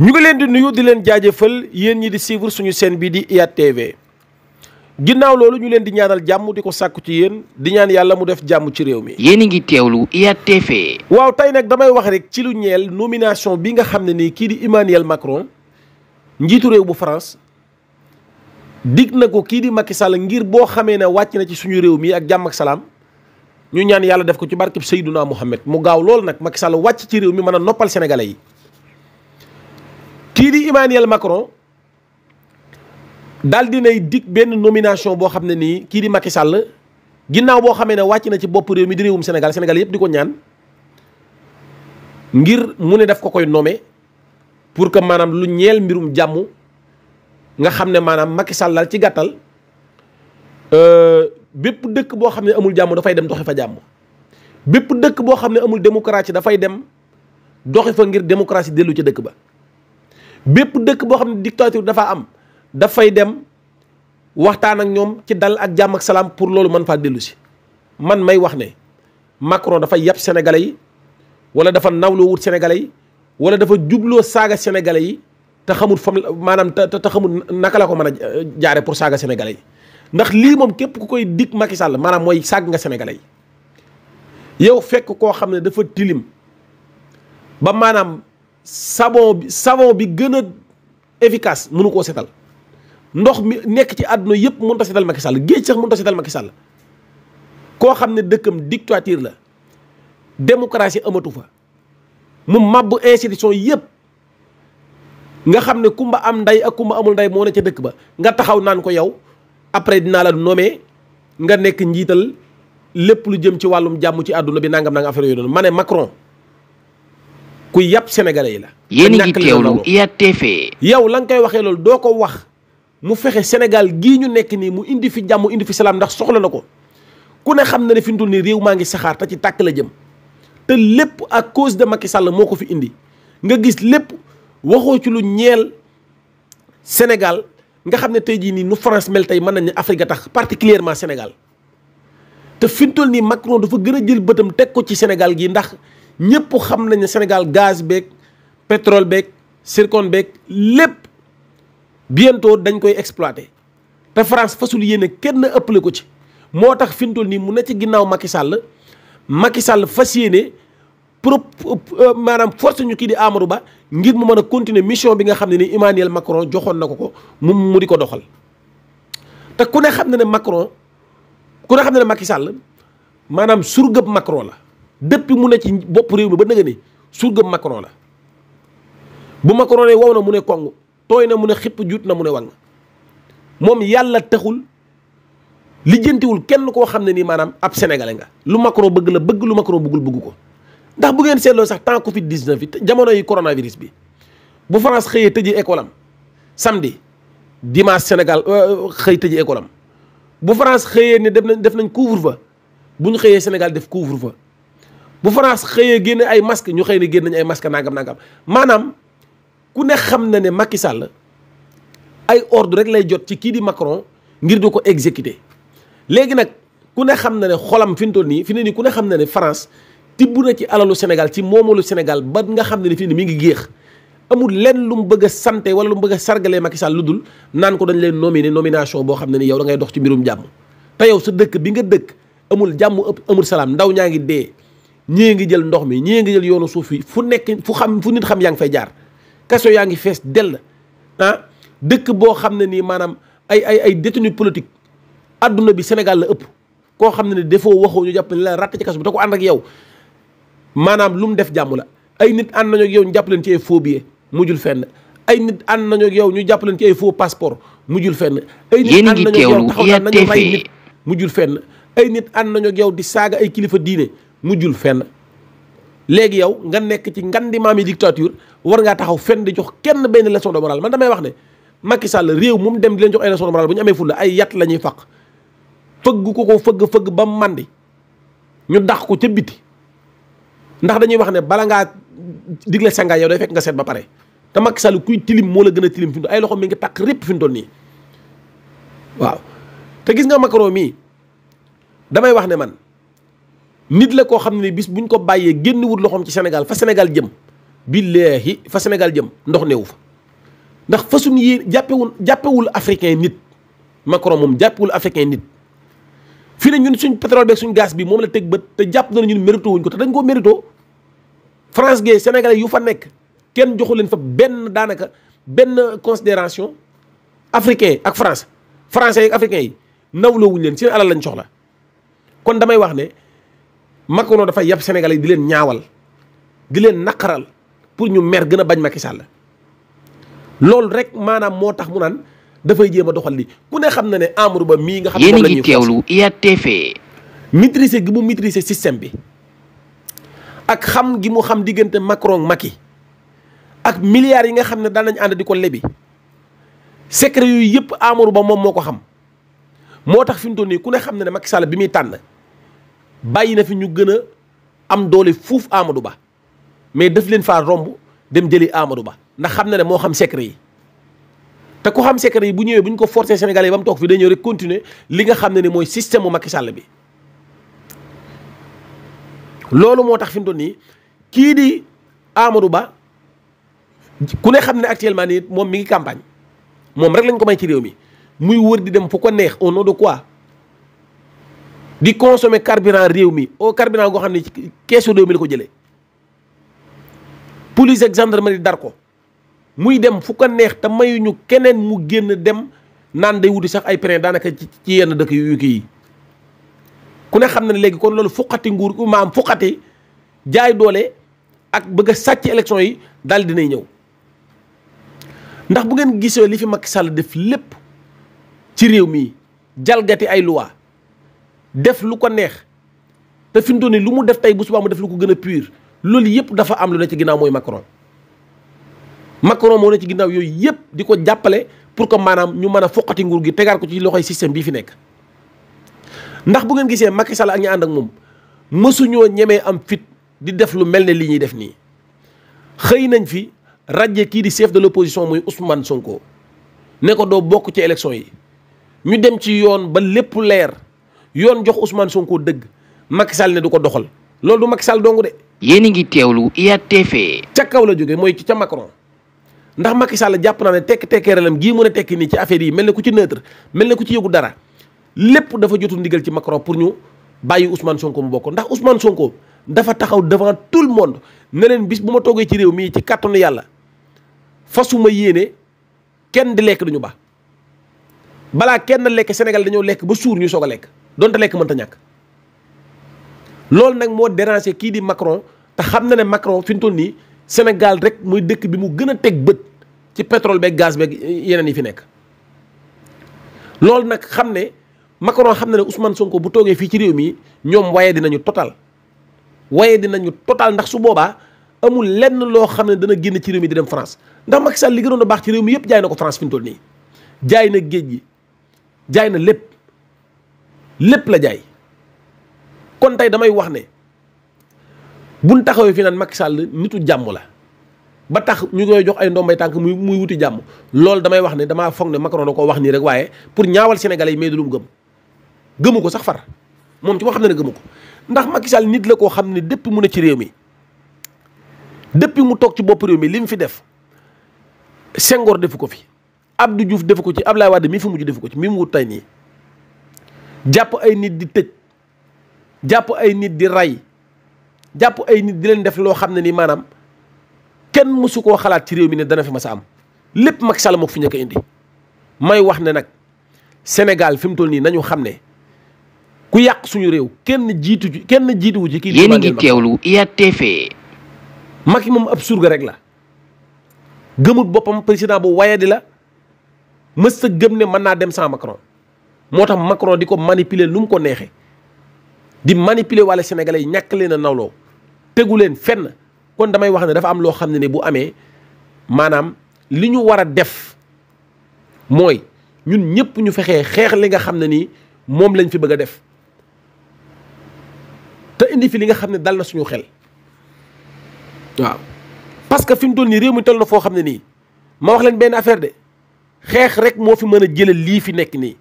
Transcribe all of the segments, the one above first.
ñu ngi leen di nuyu di leen jaajëfal yéen ñi di suivre suñu seen bii di IYAT TV ginnaaw loolu ñu leen di ñaanal jàmm di ko sàkku ci yéen di ñaan yàlla mu def jàmm ci réew mi. yéen a ngi teewlu IYAT TV. waaw tey nag damay wax rek ci lu ñeel nomination bi nga xam ne nii kii di Emmanuel Macron njiitu réew bu France dig na ko kii di Macky Sall ngir boo xamee ne wàcc na ci suñu réew mi ak jàmm ak salaam. ñu ñaan yàlla def ko ci barkeb Seydouna Mohamed mu gaaw loolu nag Macky Sall wàcc ci réew mi mën a noppal sénégalais yi kii di Emmanuel Macron daal dinay dikk benn nomination boo xam ne nii kii di Macky Sall ginnaaw boo xamee ne wàcc na ci bopp réew mi di réewum Sénégal Sénégal yëpp di ko ñaan ngir mu ne def ko koy nommer pour que maanaam lu ñeel mbirum jàmm nga xam ne maanaam Macky Sall ci gàttal euh, bépp dëkk boo xam ne amul jàmm dafay dem doxi fa jàmm bépp dëkk boo xam ne amul démocratie dafay dem doxi fa ngir démocratie dellu ci dëkk ba bépp dëkk boo xam ne dictature dafaa am dafay dem waxtaan ak ñoom ci dal ak jàmm ak salaam pour loolu man faa dellu si man may wax ne Macron dafa yab sénégalais yi wala dafa nawloo wut sénégalais yi wala dafa jubloo saaga sénégalais yi te xamul fam maanaam te te naka la ko mën a euh, jaare pour saaga sénégalais yi ndax lii moom képp ku koy dig Macky Sall maanaam mooy saag nga sénégalais yi yow fekk koo xam ne dafa tilim ba maanaam savon bi savon bi gën a efficace mënu koo setal ndox mi nekk ci àdduna yëpp mënut a setal Macky Sall géej sax a setal Macky Sall koo xam ne dëkkam dictature la démocratie amatu fa mu mabbu institution yëpp nga xam ne kumba am ndey ak kumba amul nday moo ne ca dëkk ba nga taxaw naan ko yow après dinaa la nommer nga nekk njiital lépp lu jëm ci wàllum jàmm ci àdduna bi nangam nanga affaire yooyu doon ma ne Macron ku yàpp sénégalais yi la. yéen a ngi te IATV. yow la nga koy waxee loolu doo ko wax mu fexe senegal gii ñu nekk nii mu indi fi jàmm indi fi salaam ndax soxla na ko ku ne xam na ne fi mu toll nii réew maa ngi saxaar te ci tàkk la jëm te lépp ak cause de Macky Sall moo ko fi indi nga gis lépp waxoo ci lu ñeel senegal nga xam ne tey jii nii nu France mel tey mën nañ ne Afrique tax particulièrement senegal te fi mu toll nii Macron dafa gën a jël bëtam teg ko ci Sénégal gii ndax. ñëpp xam nañ ne Sénégal gaz beeg pétrole beeg zircon beeg lépp bientôt dañ koy exploité te France fasul yéene kenn ëpp ëppale ko ci moo tax fi mu toll nii mu ne ci ginnaaw Macky Sall Macky Sall fas yéene pro euh, maanaam force ñu kii di Amadou Ba ngir mu mën a continuer mission bi nga xam ne ni Emmanuel Macron joxoon na ko ko mu mu di ko doxal te ku ne xam ne ne Macron ku xam ne ne Macky maanaam surgëb Macron la. depuis mu ne ci bopp réew mi ba nëgë ni surga Macron la bu Macron ne wow na mu ne kong tooy na mu ne xipp juut na mu ne wang moom yàlla taxul lijjantiwul kenn koo xam ne nii maanaam ab sénégalais nga lu Macron bëgg la bëgg lu Macron bëggul bëgg ko ndax bu ngeen seetloo sax temps Covid 19 it jamono yi coronavirus bi bu France xëyee tëjee école am samedi dimanche Sénégal euh, xëy tëjee école am bu France xëyee ne def nañ def nañ couvre-feu bu xëyee Sénégal def couvre bu France xëyee génne ay masque ñu xëy ne génn nañu ay masque nangam nangam maanaam ku ne xam na ne Macky Sall ay ordre rek lay jot ci kii di Macron ngir di ko exécuter léegi nag ku ne xam ne ne xolam fi mu nii fi ne nii ku ne xam ne ne France tibb na ci alalu Sénégal ci moomalu Sénégal ba nga xam ne ne fi mi ngi géex amul lenn lu mu bëgg a sante wala lu mu bëgg sargalee Macky Sall lu dul naan ko dañ leen nominer nomination boo xam ne ni yow da ngay ci mbirum jàmm te yow sa dëkk bi nga dëkk amul jàmm amul salaam ndaw ñaa ngi dee ñii ngi jël ndox mi ñii ngi jël yoonu suuf yi fu nekk fu xam fu nit xam yaa ngi fay jaar kaso yaa ngi fees dell ah dëkk boo xam ne nii maanaam ay ay ay détenu politique adduna bi Sénégal la ëpp koo xam ne ne defoo waxoo ñu jàpp ne la ci kaso bi te ko ànd yow maanaam lu mu def jàmm ay nit ànd nañu ak jàpp leen ci ay faux billets mujjul fenn ay nit ànd nañu ak yow ñu jàpp leen ci ay faux passeport mujjul fenn ay nit ànd nañu ak yow taxaw nañu rey nit jul fenn ay nit ànd nañu ak yow di saaga ay kilifa diine mu jul fenn léegi yow nga nekk ci ngan di maami dictature war ngaa taxaw fenn di jox kenn benn leçon de morale man damay wax ne Macky Sall réew moom dem di leen jox ay leçon de morale bu ñu ay yat la ñuy faq fëgg ko ko fëgg fëgg ba màndi ñu dax ko ca ndax dañuy wax ne bala ngaa digle sangaay yow day nga seet ba pare te Sall kuy tilim moo la gën a tilim fi mu ay loxo mi ngi tàq répp fi mu toll nii waaw te gis nga Macron mii damay wax ne man nit la koo xam ne bis buñ ko bàyyee génn wut loxoom ci Sénégal fa Sénégal jëm billaahi fa senegal jëm ndox néew fa ndax façon yi jàppewul jàppewul africain nit Macron moom jàppewul africain nit fii ne ñun suñ pétrole beeg suñ gaz bi moom la teg bët te jàpp na ñun mérito wuñ ko te dañ koo mérito France gay sénégalais yu fa nekk kenn joxu leen fa benn daanaka benn considération africain ak France français ak africain yi nawloo wuñ leen seen alal lañ soxla kon damay wax ne Macron dafay yab Sénégalais yi di leen ñaawal di leen naqaral pour ñu mer gën a bañ Macky la loolu rek maanaam moo tax mu naan dafay jéem a doxal li ku ne xam na ne Amadou Ba mii nga xam yéen a ngi teewlu IATV maîtriser gi mu maîtriser système bi ak xam gi mu xam diggante Macron Macky ak milliards yi nga xam ne daan nañ ànd di ko lebi secret yooyu yëpp Amadou Ba moom moo ko xam moo tax fi mu toll nii ku ne xam na ne Macky Sall bi muy tànn bàyyi na fi ñu gën a am doole fuuf Amadou Ba mais daf leen faa romb dem jëli Amadou Ba ndax xam na ne moo xam secret yi te ku xam secret yi bu ñëwee bu ñu ko forcé Sénégalais yi ba mu toog fi dañoo rek continuer li nga xam ne ni mooy système mu Macky Sall loolu moo tax fi mu toll nii kii di Amadou Ba ku ne xam ne actuellement nii moom mi ngi campagne moom rek lañ ko may ci réew mi muy wër di dem fu ko neex au nom de quoi. di consommer carburant réew mi o carburant goo xam ne ci keesu réew mi la ko jëlee police ak dar ko muy dem fu ko neex te mayuñu keneen mu génn dem naan day wuti sax ay prin daanaka ci yenn dëkk yu kii yi ku ne xam na ne léegi kon loolu fuqati nguur maam fuqati jaay doole ak bëgg sàcc élection yi daal dinay ñëw ndax bu ngeen gisee li fi Macky Sall def lépp ci réew mi jalgati ay loi def lu ko neex te fi mu lu mu def tey bu subaa mu def lu ko gën a pur loolu yëpp dafa am lu ne ci ginnaaw mooy Macron Macron moo ne ci ginnaaw yooyu yëpp di ko jàppale pour que maanaam ñu mën a foqati nguur gi tegaat ko ci loxoy système bii fi nekk. ndax bu ngeen gisee Macky Sall ak ñi ànd ak moom mësuñoo ñemee am fit di def lu mel ne lii ñuy def nii xëy nañ fi ràjje kii di chef de l'opposition muy Ousmane Sonko ne ko doo bokk ci élection yi ñu dem ci yoon ba lépp leer. yoon jox usman Sonko dëgg Macky Sall ne du ko doxal loolu du Macky Sall dong de. yéen a ngi teewlu IATV. ca kaw la jóge mooy ca Macron ndax Macky Sall jàpp naa ne tekk tekkeeralam gii mën a tekki nii ci affaire yi mel ne ku ci neutre mel ne ku ci yëgu dara lépp dafa jotu ndigal ci Macron pour ñu bàyyi Ousmane Sonko mu bokk ndax Ousmane Sonko dafa taxaw devant tout le monde ne bis bu ma toogee ci réew mii ci kàttanu yàlla fasuma yéene kenn di lekk duñu ba balaa kenn lekk Sénégal dañoo lekk ba suur ñu soog lekk. donte lekk mënta ñàkk loolu nag moo déranger kii di Macron te xam na ne Macron fi mu toll nii Sénégal rek muy dëkk bi mu gën a teg bët ci pétrole beeg gaz beeg yeneen yi fi nekk. loolu nag xam ne Macron xam ne ne Ousmane Sonko bu toogee fii ci réew mi ñoom waaye dinañu total waaye dinañu total ndax su boobaa amul lenn loo xam ne dana génn ci réew mi di dem France ndax Macky Sall li gënoon a baax ci réew mi yëpp jaay na ko France fi mu toll nii jaay na géej gi jaay na lépp. lépp la jaay kon tey damay wax ne buñ taxawee fi naan Macky Sall nitu jàmm la ba tax ñu koy jox ay ndombay tànk muy muy wuti jàmm loolu damay wax ne damaa foog ne Macron da wax nii rek waaye pour ñaawal sénégalais yi mais du gëm ko sax moom ci moo xam ne ne ko ndax Macky Sall nit la koo xam ne depuis mu ne ci réew mi depuis mu toog ci bopp réew mi li mu fi def sengoor defu ko fi du Diouf defu ko ci Abdoulaye Wade mii fi mujj defu ko ci mii mu wut tey nii jàpp ay nit di tëj jàpp ay nit di ray jàpp ay nit di leen def loo xam ne nii maanaam kenn mësu koo xalaat ci réew mi ne dana fi mas a am lépp mag Sall moo fi ñëkk a indi may wax ne nag Sénégal fi mu toll nii nañu xam ne ku yàq suñu réew kenn jiitu ji kenn jiituwu ci kii yéen a ngi teewlu IATV Macky moom ab surga rek la gëmut boppam président bu waye di la mës a gëm ne mën naa dem sans Macron moo tax Macron di ko manipuler lu mu ko neexee di manipuler wala sénégalais yi ñàkk leen a nawloo tegu leen fenn kon damay wax ne dafa am loo xam ne ne bu amee maanaam li ñu war a def mooy ñun ñëpp ñu fexee xeex li nga xam ne nii moom lañ fi bëgg a def te indi fi li nga xam ne dal na suñu xel waaw parce que fi mu toll nii réew mi toll na foo xam ne nii ma wax leen benn affaire de xeex rek moo fi mën a jëlee lii fi nekk nii.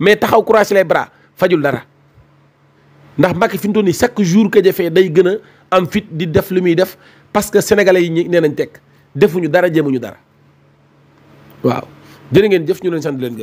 mais taxaw croiser les bras fajul dara ndax Macky fi mu toll nii chaque jour que jafee day gën a am fit di def li muy def parce que sénégalais yi nee nañ teg defuñu dara jéemuñu dara waaw jërë ngeen jëf ñu leen sant leen gërëm